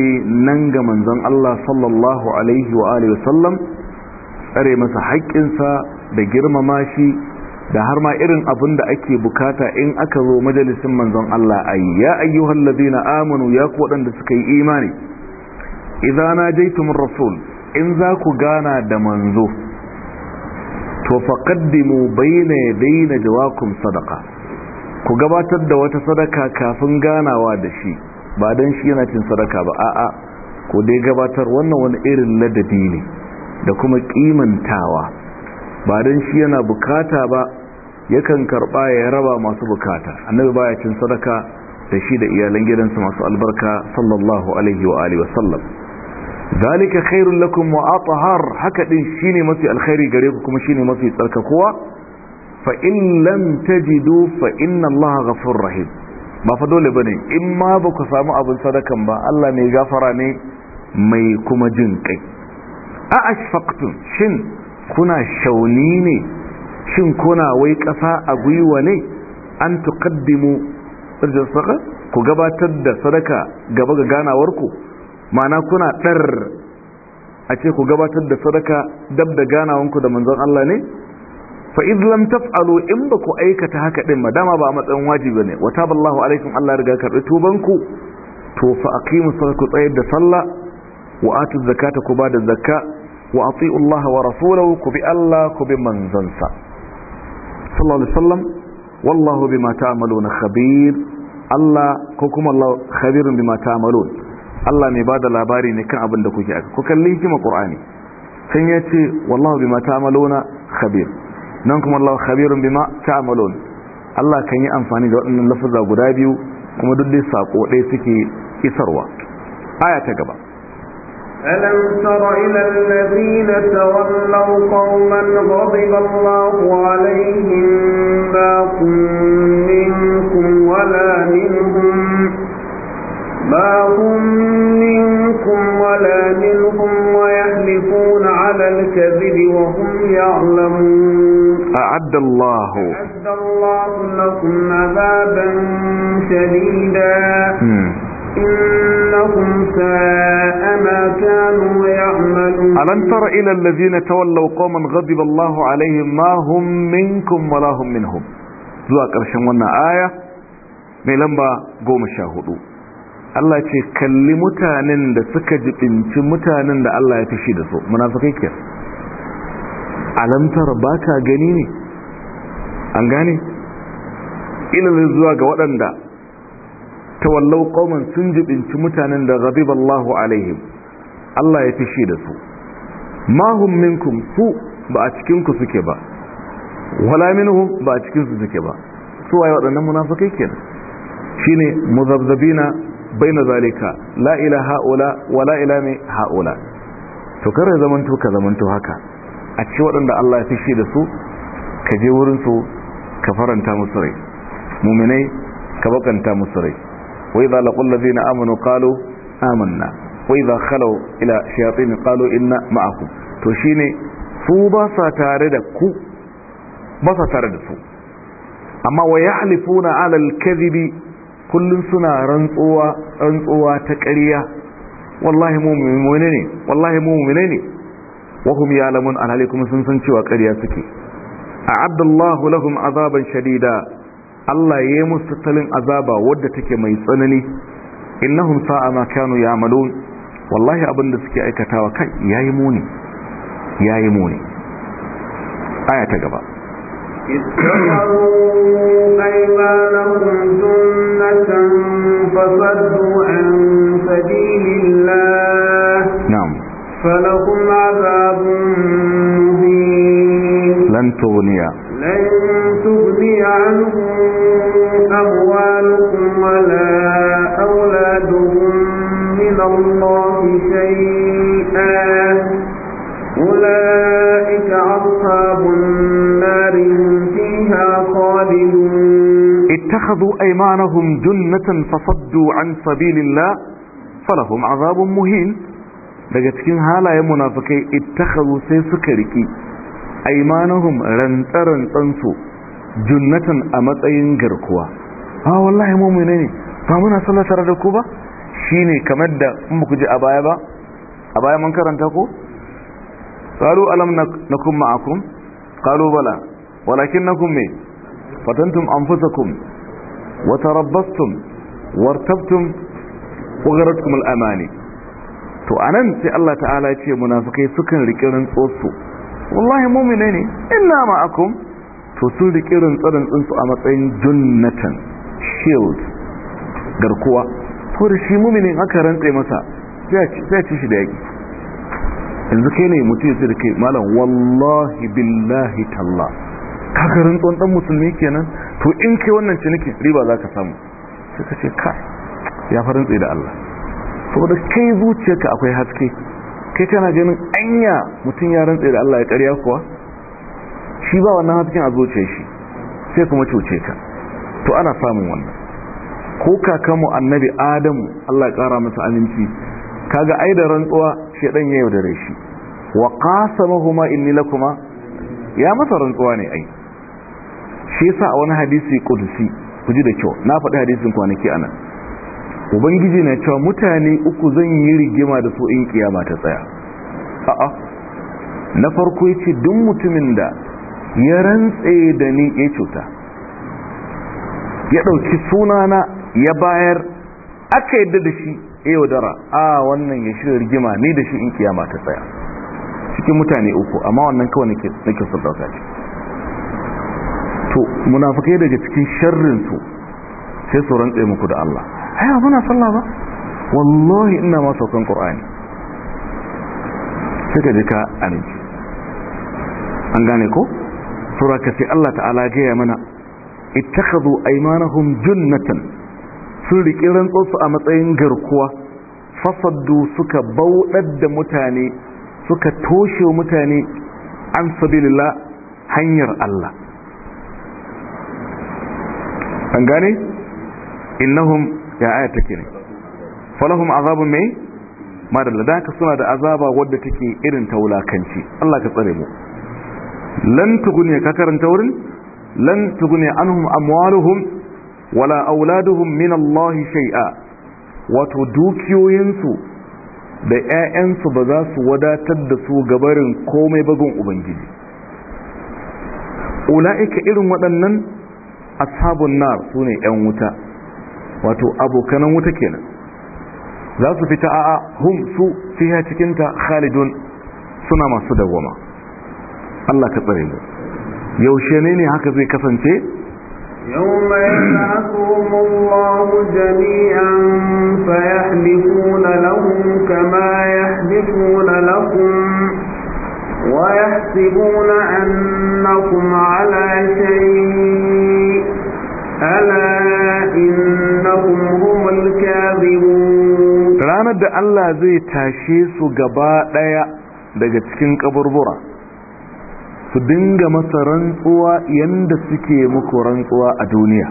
nan ga manzon Allah sallallahu alaihi wa alihi tsare masa haƙƙinsa da girmama shi da har ma irin abin da ake bukata in aka zo majalisin manzon Allah ayi, ya ayyuhal ladina amanu ya ku waɗanda suka yi imani idza najaytumur rasul in za ku gana da manzo to faqaddimu bayna daina jawakum sadaqa ku gabatar da wata sadaka kafin ganawa da shi ba don shi yana cin sadaka ba a'a ku dai gabatar wannan wani irin ladabi ne da kuma kimantawa ba don shi yana bukata ba yakan karba ya raba masu bukata annabi baya cin sadaka da shi da iyalan gidansa masu albarka sallallahu alaihi wa alihi wasallam zalika khairul lakum wa athhar haka din shine mafi alkhairi gare ku kuma shine mafi tsarkakuwa fa in lam tajidu fa inna Allah ghafur rahim ba fa dole bane in ma ba ku samu abin sadakan ba Allah mai gafara ne mai kuma jin kai a ashfaqtum shin kuna shauni ne shin kuna wai ƙasa a gwiwa ne an tuqaddimu saka ku gabatar da sadaka gaba ga ganawar ku ma'ana kuna dar a ce ku gabatar da sadaka dab da ganawanku da manzon Allah ne fa idh lam taf'alu in ba ku aikata haka din madama ba a matsayin wajibi ne wa taballahu alaikum Allah riga karbi tuban ku to fa aqimu salata tsayar da sallah wa atu zakata ku bada zakka wa ati'u Allah wa rasulahu ku bi Allah ku bi manzansa sallallahu alaihi wasallam wallahu bima ta'maluna khabir Allah ko kuma Allah khabirun bima ta'malun Allah mai bada labari ne kan abin da kuke aka ku kalli hikima Qur'ani sai ya ce wallahu bima ta'maluna khabir nan kuma Allah khabirun bima ta'malun Allah kan yi amfani da waɗannan lafaza guda biyu kuma duk dai sako ɗaya suke isarwa aya ta gaba ألم تر إلى الذين تولوا قوما غضب الله عليهم باكم منكم ولا منهم باكم منكم ولا منهم ويحلفون على الكذب وهم يعلمون أعد الله أعد الله لكم عذابا شديدا إنهم ساء ما كانوا يعملون ألن تر إلى الذين تولوا قوما غضب الله عليهم ما هم منكم ولا هم منهم zuwa ƙarshen wannan aya mai lamba goma sha hudu Allah ce kalli mutanen da suka jibinci mutanen da Allah ya fi shi da su munafikai kiyar alamtar ba ka gani ne an gane ilimin zuwa ga waɗanda wallau ƙauman sun jibinci mutanen da gabib Allahu alaihim Allah ya fishe da su mahum minkum su ba a cikinku suke ba wala minhum ba a cikinsu suke ba su waye waɗannan munafikai kenan shine muzabzabina na zalika la ilaha ha'ula wala ilami haula to kare zamanto ka zamanto haka a ci waɗanda Allah ya fishi da su ka je wurinsu ka faranta musu rai muminai ka bakanta musu rai wai za laƙun lafi na amanu ƙalo amanna wai za khalau ila shayatsi ne ƙalo inna ma'aku to shi ne su ba sa tare da ku ba sa tare da su amma wa ya halifu na alal kazibi kullum suna rantsuwa ta ƙarya wallahi mu ne wallahi mu ne wahum ya lamun alhali kuma sun san cewa karya suke a abdullahu lahum azaban shadida Allah ya yi musu tattalin azaba wadda take mai tsanani innahum sa'a ma kanu ya'malun wallahi abin da suke aikatawa kai yayi muni yayi muni aya ta gaba اتبعوا أيمانهم سنة فصدوا عن سبيل فلهم عذاب مهين لن تغني لن تغني عنهم أموالكم ولا أولادهم من الله شيئا أولئك أصحاب النار هم فيها خالدون اتخذوا أيمانهم جنة فصدوا عن سبيل الله فلهم عذاب مهين daga cikin halayen munafikai ittakhadhu sai suka riki aymanuhum rantsaran su junnatan a matsayin garkuwa a ah, wallahi mene ne ba muna sallah tare da ku ba shine kamar da in muku ji a baya ba a baya mun karanta ko qalu alam nakum ma'akum qalu bala walakinnakum me fatantum anfusakum wa tarabbastum wartabtum wa gharatkum al-amani to anan sai Allah ta'ala ya ce munafikai sukan riƙi rantsosu wallahi mu'mine ne inna ma'akum to sun riƙi rantsarin tsinsu a matsayin junnatan shield garkuwa ko da shi mu'minin aka rantse masa sai ci shi da yaki yanzu kai ne mutum ya da kai malam wallahi billahi talla Kaka rantsuwan dan musulmi kenan to in kai wannan cinikin riba za ka samu sai ka ce ka ya farin da Allah saboda kai zuciyarka akwai haske kai kana ganin anya mutum ya rantse da Allah ya ƙarya kuwa shi ba wannan hasken a zuciyar shi sai kuma cuce ka to ana samun wannan ko kakanmu annabi adamu Allah ya ƙara masa aminci kaga ai da rantsuwa shi shedan ya yaudare shi wa qasamahuma inni lakuma ya masa rantsuwa ne ai shi yasa a wani hadisi kudusi ku ji da kyau na faɗi hadisin kwanaki anan ubangiji na cewa mutane uku zan yi rigima da su in kiyama ta tsaya a'a na farko ya ce duk mutumin da ya rantse da ni ya cuta ya ɗauki sunana ya bayar aka yadda da shi ya yaudara a wannan ya shirya rigima ne da shi in kiyama ta tsaya cikin mutane uku amma wannan kawai nake sun ɗauka ce to munafukai daga cikin sharrinsu sai su rantse muku da Allah ai ba muna sallah ba wallahi ina ma saukan qur'ani sai ka ji ka arinci an gane ko sura ka ce Allah ta'ala gaya mana ittakhadhu aymanahum junnatan sun riƙi rantsusu a matsayin garkuwa fasaddu suka bauɗar da mutane suka toshe mutane an sabilila hanyar Allah an gane innahum ya aya take ne falahum azabun mai madalla da haka suna da azaba wadda take irin ta wulakanci Allah ka tsare mu lan tugune ka karanta wurin lan tugune anhum amwaluhum wala auladuhum min Allah shay'a wato dukiyoyinsu da 'ya'yansu ba za su wadatar da su gabarin komai bagon ubangiji ula'ika irin waɗannan ashabun nar sune ƴan wuta wato abokanan wuta kenan za su fita a'a hum su fiha cikinta khalidun suna masu dawwama Allah ka tsare mu yaushe ne ne haka zai kasance يوم يبعثهم الله جميعا فيحلفون لهم كما يحلفون لكم ويحسبون أنكم على شيء ranar da Allah zai tashe su gaba ɗaya daga cikin kaburbura su dinga masa rantsuwa yadda suke muku rantsuwa a duniya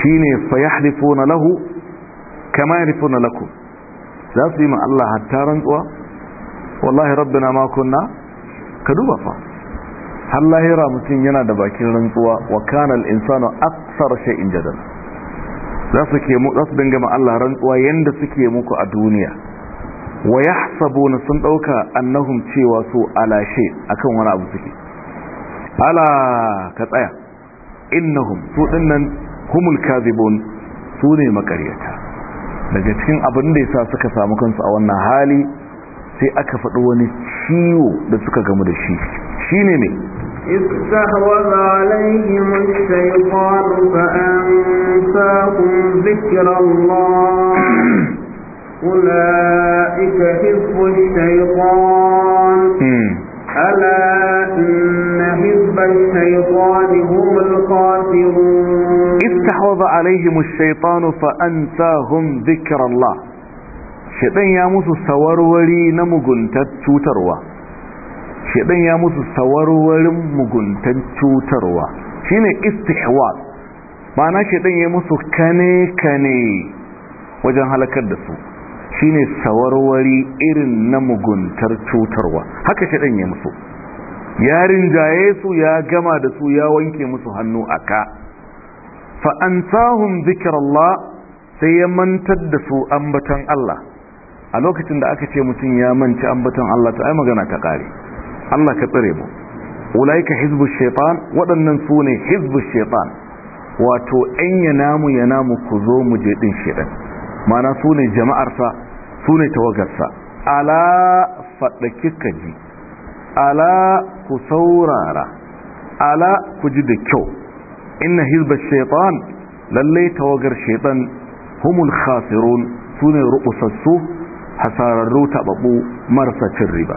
shine na lahu kama na laku. za su yi ma Allah hatta rantsuwa wallahi Rabbi na makonna, ka duba fa hallahira mutum yana da bakin rantsuwa wa kanal insano aksar aktsar in jadala za su ke mu dinga Allah rantsuwa yanda suke muku a duniya wa na sun ɗauka annahun cewa su alashe akan wani abu suke ala ka tsaya innahum su ɗinnan humul kadhibun su ne makaryata daga cikin abin da ya sa suka samu kansu a wannan hali sai aka faɗi wani ciwo da suka gamu da shi shi ne استهوذ عليهم الشيطان فأنساهم ذكر الله أولئك حزب الشيطان ألا إن حزب الشيطان هم الخاسرون استحوذ عليهم الشيطان فأنساهم ذكر الله شيطان يا موسى سوروري نمغنت تتوتروا shedan ya musu sawarwarin muguntan cutarwa shine istihwal ma'ana shedan ya musu kane kane wajen halakar da su shine sawarwari irin na muguntar cutarwa haka shaɗan ya musu yarin jaye su ya gama da su ya wanke musu hannu a ka fa'antahun zikirallah sai ya mantar da su ambatan Allah a lokacin da aka ce mutum ya manci ambatan Allah ta ai magana ta ƙare Allah ka tsare mu ulaika hizbu shaitan waɗannan su ne hizbu shaitan wato ɗan ya namu mu ku zo mu je ɗin shaitan mana su ne jama'arsa su ne tawagarsa ala faɗaki kaji ji ala ku saurara ala ku ji da kyau inna hizba shaitan lallai tawagar shaitan humul khasirun su ne hasararru taɓaɓu marasa cin riba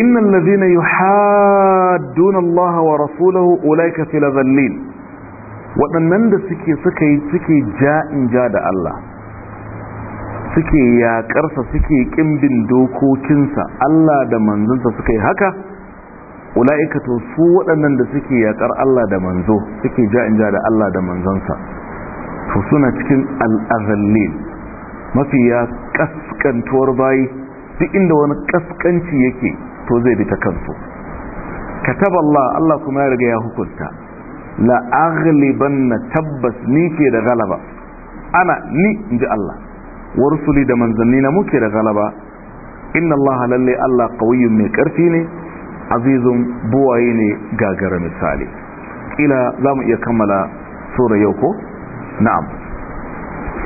إن الذين يحادون الله ورسوله أولئك في لذلين waɗannan da suke suke suke ja in ja da Allah suke yaƙarsa suke ƙimbin dokokinsa Allah da manzonsa suke haka ula'ika to su waɗannan da suke yaƙar Allah da manzo suke ja in ja da Allah da manzonsa to suna cikin al'azallin mafi ya kaskantuwar bayi duk inda wani kaskanci yake to zai bi ta kansu kataba Allah Allah kuma ya riga ya hukunta la aghlibanna tabbas ni ke da galaba ana ni inji Allah wa rusuli da manzanni na muke da galaba inna Allah lalle Allah qawiyyun mai karfi ne azizun buwaye ne gagara misali kila za mu iya kammala sura yau ko na'am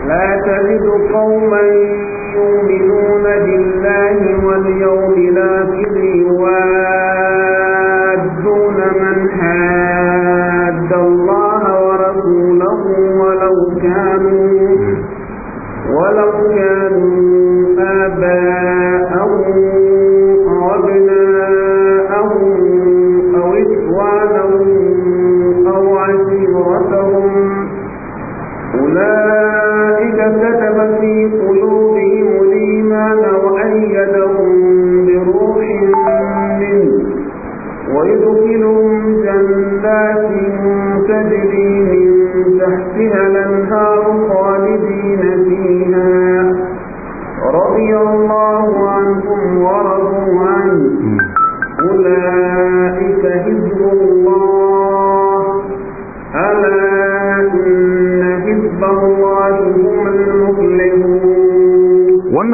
la tajidu qauman يؤمنون بالله واليوم الآخر يوادون من حاد الله ورسوله ولو كانوا ولو كانوا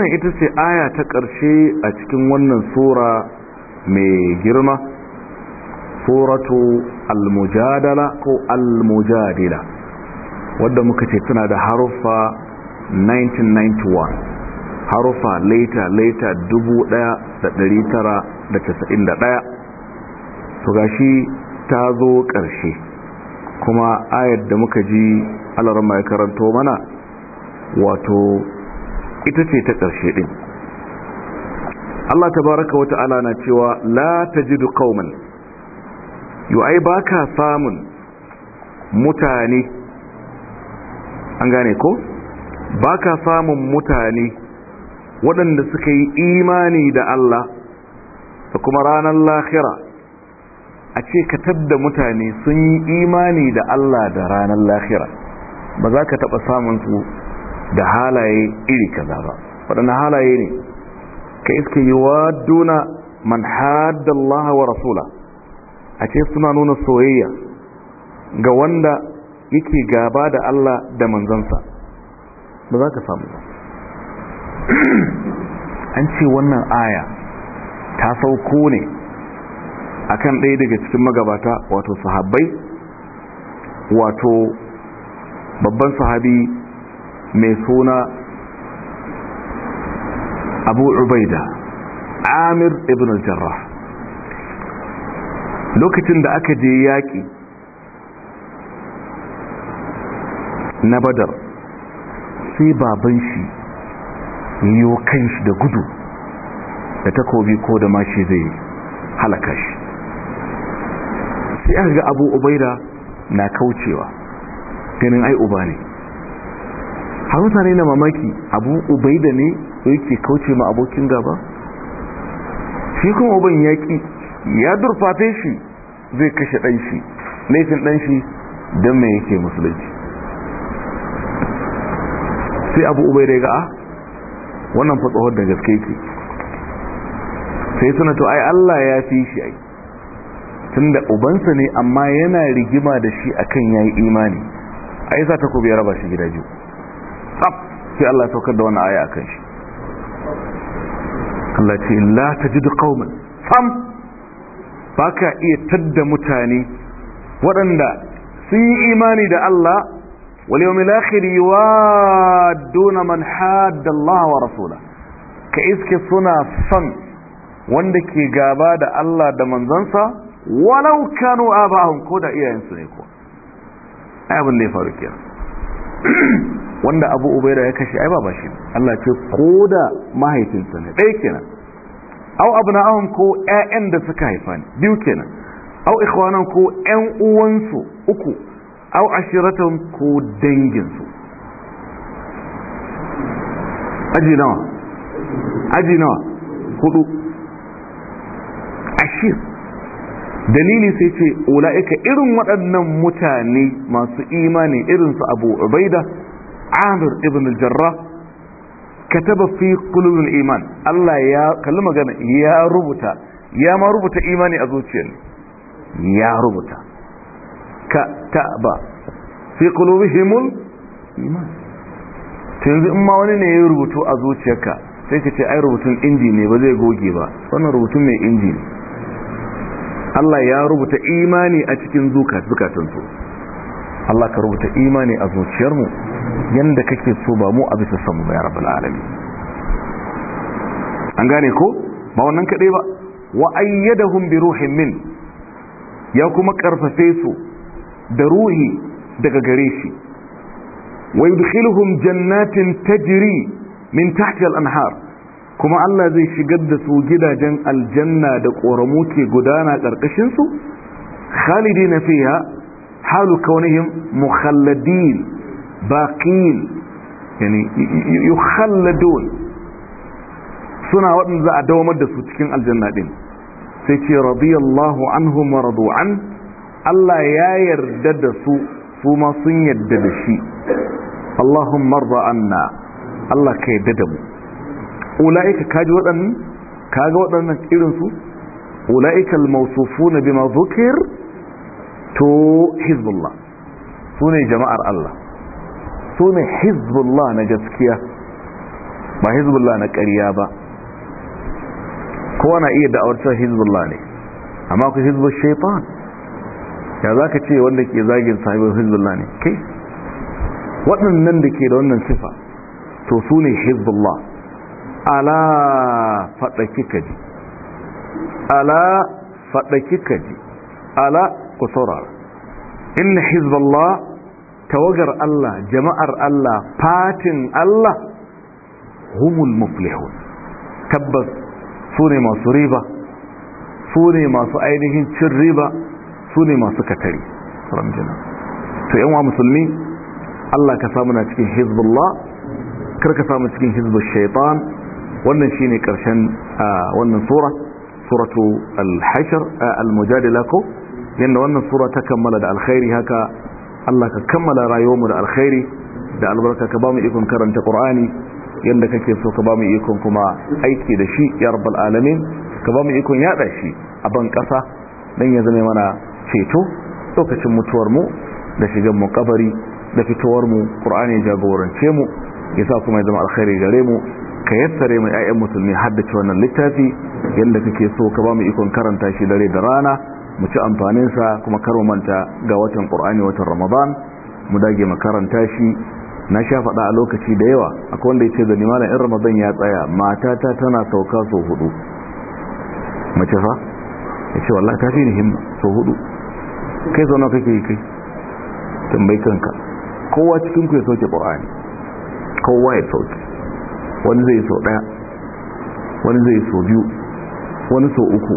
wannan ita ce aya ta ƙarshe a cikin wannan sura mai girma suratu almujadala ko almujadila, wadda muka ce tana da harufa 1991 harufa leta leta 1991 to gashi ta zo ƙarshe kuma ayar da muka ji alarma ya karanto mana wato ita ce ta ƙarshe ɗin Allah Ta baraka wata na cewa la ta ji tajidu yi yu ba ka samun mutane an gane ko ba ka samun mutane waɗanda suka yi imani da Allah da kuma ranar lahira a ce ka tadda mutane sun yi imani da Allah da ranar lahira ba za ka taɓa samun su da halaye iri kaza ba waɗanda halaye ne ka iska yi wa duna man haddallaha wa rasula a ce suna nuna soyayya ga wanda yake gaba da Allah da manzansa ba za ka samu ba an ce wannan aya ta sauko ne akan ɗaya daga cikin magabata wato sahabbai wato babban sahabi mai suna abu ubaida amir ibn al-jarrah lokacin da aka je yaƙi na badar sai baban shi yiwo kanshi da gudu da takobi ko da mashi zai halaka shi sai aka ga abu ubaida na kaucewa ganin ai uba ne hausa ne na mamaki abu da ne yake kauce ma abokin gaba shi kuma uban yaƙi ya durfate shi zai kashe ɗan shi laifin ɗan shi don mai yake musulunci sai abu da ya a ah, wannan fatsawar da gaske ke sai suna to ai allah ya fi shi ai tun da ubansa ne amma yana rigima da shi akan yayi imani yi za ta kobe ya raba shi gida sai Allah saukar da wannan aya kan shi Allah ce la tajidu qauman sam baka iya tadda mutane waɗanda sun yi imani da Allah wal yawmil akhir yuwadduna man hadda Allah wa rasula ka iske suna son wanda ke gaba da Allah da manzansa walau kanu ko da iyayensu ne ko abin da ya faru wanda abu ubaida ya kashe ai ba shi Allah ce ko da mahaifinsa ne ɗaya kenan au abna'ahum ko ƴaƴan da suka haifa ne biyu kenan au ikhwanan ko ƴan uwansu uku au ashiratan ko danginsu aji nawa aji nawa hudu ashir dalili sai ce ula'ika irin waɗannan mutane masu imani irinsu abu ubaida عامر ibn الجراح كتب في fi الايمان iman يا كلمه kalli magana ya rubuta ya ma rubuta imani a zuciyar ya rubuta ka الايمان fi qulubihimul iman to yanzu in ma wani ne ya rubutu a zuciyarka sai ka ce ai rubutun inji ne ba zai goge ba wannan rubutun mai inji ne Allah ya rubuta imani a cikin zukatunsu Allah ka rubuta imani a zuciyarmu yanda kake so ba mu a bisa samu ya rabbal alamin an gane ko ba wannan kadai ba wa ayyadahum bi ruhin min ya kuma karfafe su da ruhi daga gare shi wa yudkhiluhum jannatin tajri min tahtiha al-anhar kuma Allah zai shigar da su gidajen aljanna da ƙoramu ke gudana karkashin su khalidina fiha halu kaunihim mukhalladin baqin yani yukhalladun suna waɗanda za a dawamar da su cikin aljanna din sai ce radiyallahu anhum wa radu an Allah ya yarda da su su ma sun yarda da shi Allahumma rda anna Allah ka yarda da mu ulaika kaji waɗannan kaga waɗannan irin su ulaika almawsufuna bima dhukir to hizbullah sune jama'ar Allah su ne hezbollah na gaskiya ba hezbollah na ƙarya ba kowa na iya da'awar cewa hezbollah ne amma ku hezbollah shaitan ya za ka ce wanda ke zagin sahibin hezbollah ne kai waɗannan da ke da wannan sifa to su ne hezbollah ala faɗa ka ji ala faɗa ka ji ala ku saurara inna hezbollah tawagar Allah jama'ar Allah fatin Allah humul muflihun tabbas su ne masu riba su ne masu ainihin cin riba su ne masu katari to yanwa musulmi Allah ka samu na cikin hezbollah kar ka samu cikin hezbollah shaitan wannan ne ƙarshen wannan sura suratu al-hashar al mujadilako ko yanda wannan sura ta kammala da alkhairi haka Allah ka kammala rayuwarmu da alkhairi da albarka ka ba mu ikon karanta Qur'ani yanda kake so ka ba mu ikon kuma aiki da shi ya rabbal alamin ka ba mu ikon yada shi a ban kasa dan ya zama mana ceto lokacin mutuwar mu da shigan mu kabari da fitowar mu Qur'ani jagorance mu yasa kuma ya zama alkhairi gare mu ka yassare mu ƴaƴan musulmi haddace wannan littafi yanda kake so ka ba mu ikon karanta shi dare da rana mu ci amfaninsa kuma kar manta ga watan ƙur'ani watan ramadan mu dage makaranta shi na sha faɗa a lokaci da yawa akwai wanda ya ce zani malam in ramadan ya tsaya matata tana sauka sau hudu mace fa ya ce wallah ta fi ni himma sau hudu kai sau nawa kake yi kai tambayi kanka kowa cikin ku ya sauke ƙur'ani kowa ya sauke wani zai sau ɗaya wani zai sau biyu wani sau uku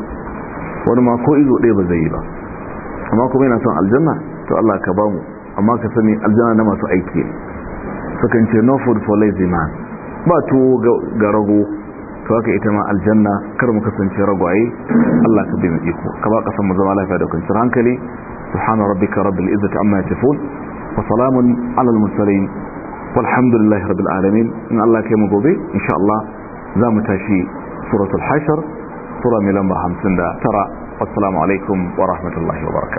wani ma ko ido ɗaya ba zai yi ba amma kuma yana son aljanna to Allah ka ba mu amma ka sani aljanna na masu aiki sukan ce no food for lazy man ba tuwo ga rago to haka ita ma aljanna kar mu kasance ragwaye Allah ka bai mu iko ka ba kasan mu zama lafiya da kwanciyar hankali subhana rabbika rabbil izzati amma yasifun wa salamun alal mursalin walhamdulillahi rabbil alamin in Allah kai mu gobe insha Allah za mu tashi suratul hashar صورة ميلان بحمسندا ترى والسلام عليكم ورحمة الله وبركاته